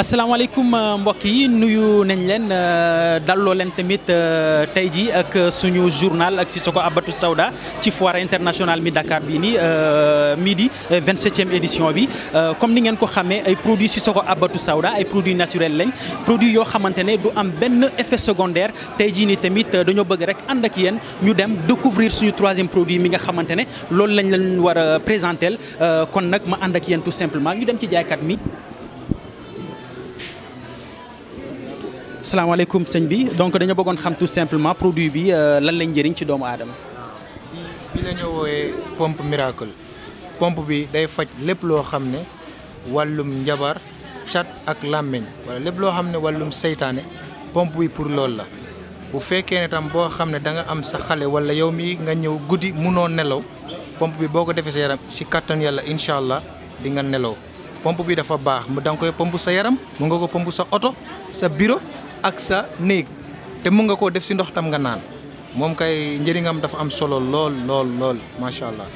asalaamaaleykum euh, mbokk yi nuyu nañ leen euh, daloo leen tamit euh, tey ji ak suñu journal ak Sissoko Habbatu Sauda ci foire internationale mi Dakar bii nii mii di 27e édition bi comme ni ngeen ko xamee ay produits Sissoko Habbatu sawda ay produits naturels lañ produit yoo xamante ne du am benn effet secondaire tey jii nii tamit dañoo bëgg rek ànd ak yéen ñu dem découvrir suñu troisième produit mi nga xamante ne loolu lañ leen war a présenter kon nag ma ànd ak yéen tout simplement ñu dem ci jaaykat mi. salaamaaleykum sëñ bi donc dañoo bëggoon xam tout simplement produit bi euh, lan lañ njëriñ ci doomu aadama. bi la ñu wooyee pompe miracle pompe bi day faj lépp loo xam ne wàllum njabar cat ak làmmiñ wala lépp loo xam ne wàllum seytaane pompe bi pour loolu la. bu fekkee ne tam boo xam ne da nga am sa xale wala yow mi nga ñëw guddi munoo nelaw pompe bi boo ko defee sa yaram si kattan yàlla incha allah di nga nelaw pompe bi dafa baax mu da nga koy pompe sa yaram mu nga ko pompe sa oto sa bureau. ak sa néeg te mun nga koo def si ndox tam nga naan moom kay njëriñam dafa am solo lool lool lool macha allah.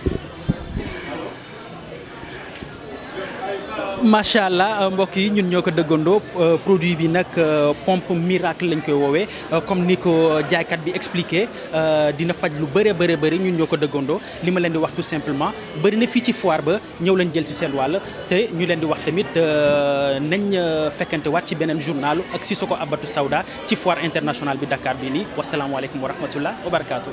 macha allah euh, mbokk yi ñun ñoo ko dëggandoo euh, produit bi nag euh, pompe miracle lañ koy woowee comme ni ko jaaykat bi expliqué dina faj lu bëree bëri bëri ñun ñoo ko dëggandoo li ma leen di wax tout simplement barina na fii ci foire ba ñëw leen jël ci seen wàll te ñu leen di wax tamit nañ fekkante waat ci beneen journal ak Sissoko Habbatu Sauda ci foire internationale bi Dakar bi nii wasalaamualeykum wa rahmatullah wa barakaatu.